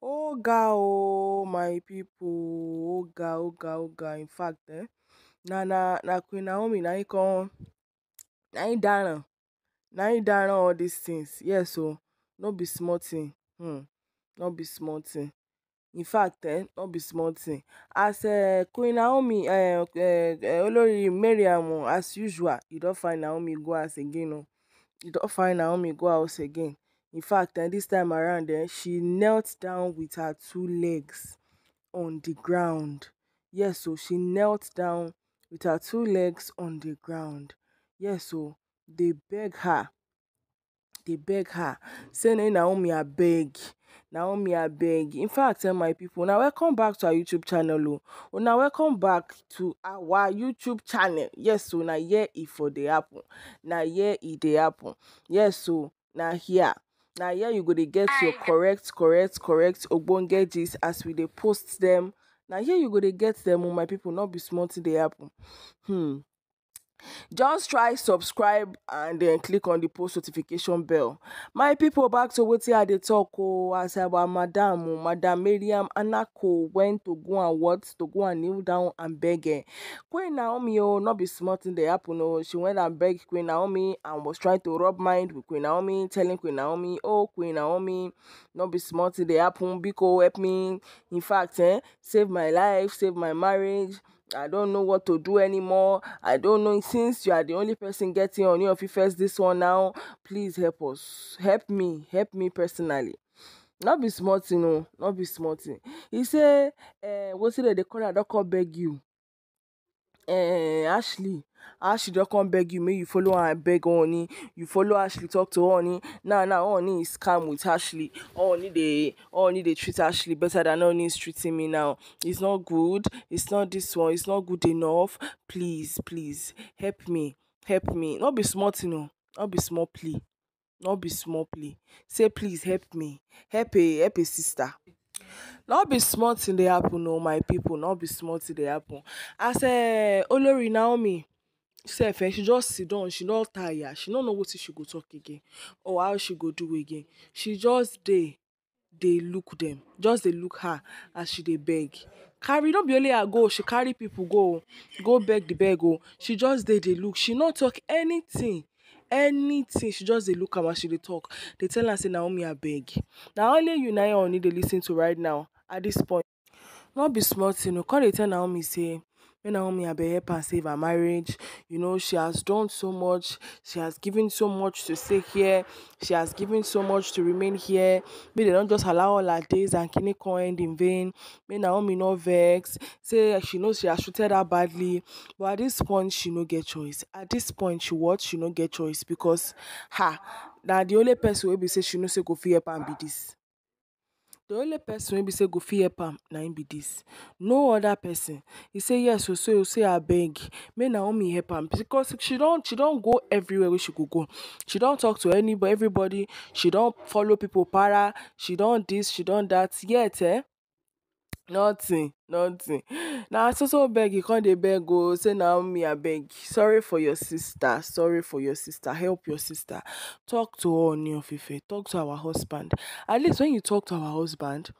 oga o my people oga oga oga in fact eh, na na na queen naomi na him na him dara na him dara all these things yes o no be small thing hmm no be small thing in fact eh, no be small thing as eh, queen naomi eh, eh, eh, olori mariam as usual e don find naomi go house again o e don find naomi go house again In fact, and this time around, eh, she knelt down with her two legs on the ground. Yes, so she knelt down with her two legs on the ground. Yes, so they beg her. They beg her, saying, Naomi, I beg. Naomi beg." In fact, eh, my people, now welcome back to our YouTube channel. Oh, oh now welcome back to our YouTube channel. Yes, so now yeah, if for the apple, Now yeah, it the apple. Yes, so now here na here you go dey get your correct correct correct ogbonge gist as we dey post dem na here you go dey get dem o oh my pipu no be small thing dey happen hmm Just try subscribe and then click on the post notification bell. My people back to wetin I to talk Oh, as our madam madam Mariam Anako went to go and what to go and kneel down and beg her. Eh. Queen Naomi oh, not be smart in the apple. No, she went and begged Queen Naomi and was trying to rub mind with Queen Naomi telling Queen Naomi oh Queen Naomi not be smart in the apple. biko help me in fact eh, save my life save my marriage. I don't know what to do anymore. I don't know. Since you are the only person getting on your first this one now, please help us. Help me. Help me personally. Not be smart, you know. Not be smart. He said, uh, eh, what's it that they call I don't call beg you. Eh, ashley ashley don come beg you May you follow and beg honey you follow ashley talk to honey now now honey is calm with ashley honey dey honey dey treat ashley better than honey is treating me now it's not good it's not this one it's not good enough please please help me help me Not be small thing o oh. no be small please. Not be small please. say please help me help a help a sister. Not be small thing dey happen oh my people. not be small thing dey happen. As um eh, Olori Naomi self um she just siddon, she don tire, she no know wetin she go talk again or how she go do again. She just dey dey look dem, just dey look her as she dey beg. Carry no be only her go, she carry people go go beg the beg oh. She just dey dey look, she no talk anything anything she just dey look am as she dey talk dey tell am say naomi abeg na only you na your honey dey lis ten to right now at this point no be small thing o oh. come dey tell naomi say When Naomi been help her save her marriage, you know, she has done so much. She has given so much to stay here. She has given so much to remain here. May they don't just allow all her days and kidney end in vain. May Naomi not vex. Say she knows she has treated her badly. But at this point, she no get choice. At this point, she what? She no get choice because ha. That the only person will be say she know say go fear help be this The only person wey be say go fit help am na im be dis. No other person. He say yes oo say oo say abeg make Naomi help am because she don she don go everywhere wey she go go. She don talk to anybody everybody, she don follow people para, she don dis, she don dat yet eh nothing nothing na so so beg e come dey beg o say naomi abeg sorry for your sister sorry for your sister help your sister talk to her Ooni of talk to our husband at least when you talk to our husband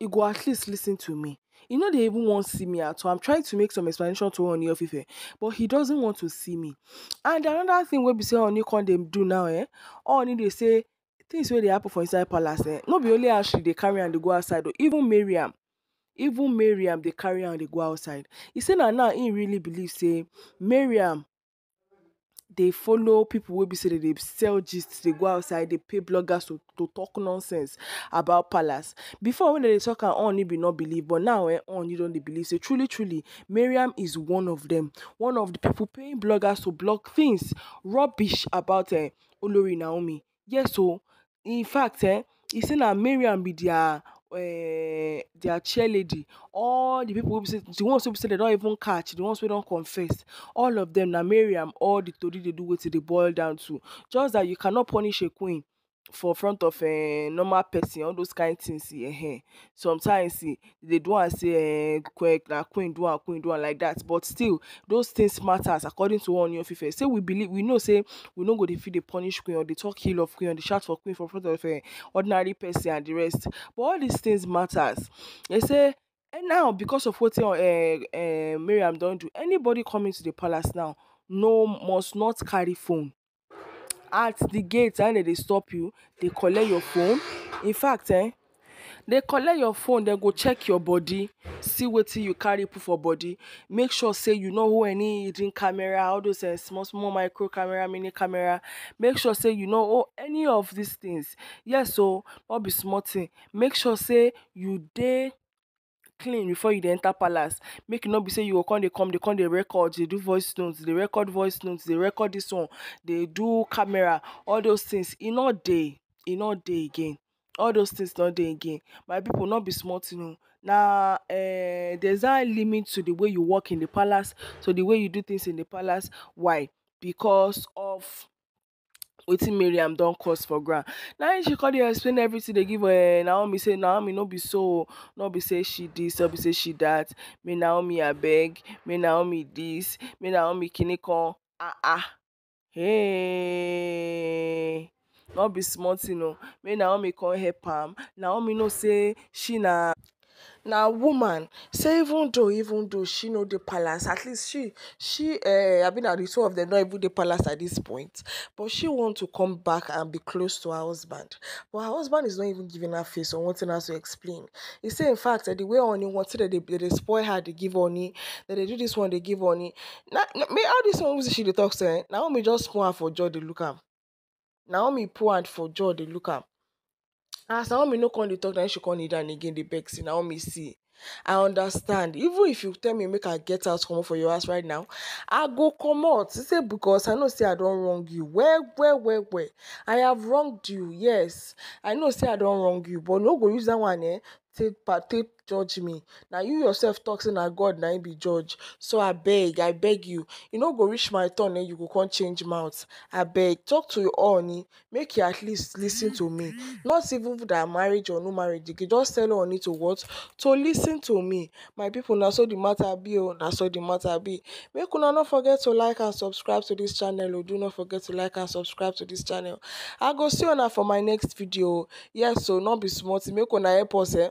e go at least listen to me e no dey even wan see me at all i'm trying to make some explanation to Ooni of Ife but he doesn't want to see me and another thing wey be say Ooni come dey do now eh Ooni dey say things wey dey happen for inside palace eh no be only how she dey carry am dey go outside o even Mariam even Miriam, they carry on, they go outside He said, na now he really believes." say Miriam, they follow people Will be say dem dey sell gist They go outside They pay bloggers to to talk nonsense about palace before when they talk am on be not believe but now eh on don don't believe say truly truly Miriam is one of them. one of the people paying bloggers to blog things rubbish about eh olori naomi yes so oh. in fact eh he said, na Miriam, be dia Eh, their cheerleading all the people wey be say the ones wey be say they don even catch the ones wey don confess all of them na Mariam all the tori dey do wetin dey boil down to just that you cannot punish a queen for front of um, normal person all those kind things um, sometimes um, they do and say um, na queen do and queen do am like that but still those things matters according to one of fifa. say we believe we know say we know go defeat the punish queen or the talk ill of queen or the shout for queen for front of um, ordinary person and the rest but all these things matters they say and now because of wetin uh, uh, Miriam don do anybody coming to the palace now no must not carry phone at the gate na they stop you They collect your phone in fact eh? They collect your phone They go check your body see what you carry put for body make sure say you know who any hidden camera all those um small small micro camera mini camera make sure say you know oh any of these things yes oo oh, no be small thing make sure say you dare clean before you dey enter palace make e no be say you go come dey come dey come dey record dey do voice notes dey record voice notes dey record this one dey do camera all those things e no dey e no dey again all those things no dey again my people no be small thing o na um there's a limit to the way you work in the palace to the way you do things in the palace why because of wetin miriam don cause for ground na im she come dey explain everything dey give uh, naomi say naomi no be so no be say she this, no be say she dat may naomi abeg may naomi dis may naomi kini kan ah ah hey no be small thing o may naomi come help am naomi know say she na na woman say even though even though she no dey palace at least she she eh i mean na the two of them no even dey palace at this point but she want to come back and be close to her husband but her husband is not even giving her face or wanting her to explain he say in fact that eh, the way oni wanted that they they dey spoil her they give oni they do this one they give oni Now, me all this one she dey talk say naomi just put for joy, they look am naomi put and for joy, they look am as naomi no come dey talk na she come kneel down again dey beg say naomi see i understand even if you tell me make i get out comot for your house right now i go comot say because i know say i don wrong you well well well well i have wronged you yes i know say i don wrong you but no go use that one eh take take judge me na you yourself talk say na god na him be judge so abeg i beg you e no go reach my turn then eh? you go come change mouth abeg talk to your honey make you at least lis ten to me mm-hmm. not even that marriage or no marriage you go just tell honey to what to lis ten to me my people na so the matter be o oh, na so the matter be make una no forget to like and subscribe to this channel o oh. do not forget to like and subscribe to this channel i go see una for my next video yes o oh, so no be small thing make una help us eh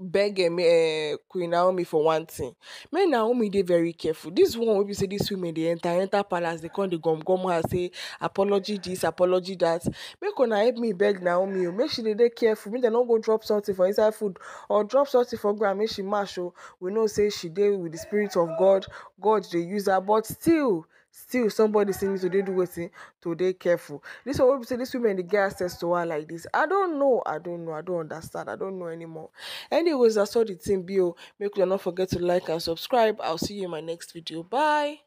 beg um, uh, Queen Naomi for one thing. May Naomi dey very careful. This one wey be say this women they enter enter palace they come the gum gum her say apology this apology that. Make una help me beg Naomi o. Make she dey careful. Me they no go drop something for inside food or drop something for grandma. make she mash We know say she dey with the spirit of God. God dey use her but still still somebody say me to dey do wetin to dey careful this one wey be say these women dey get access to her like this i don't know i don't know i don't understand i don't know anymore anyways that's all the thing be o oh. make una no forget to like and subscribe i'll see you in my next video bye.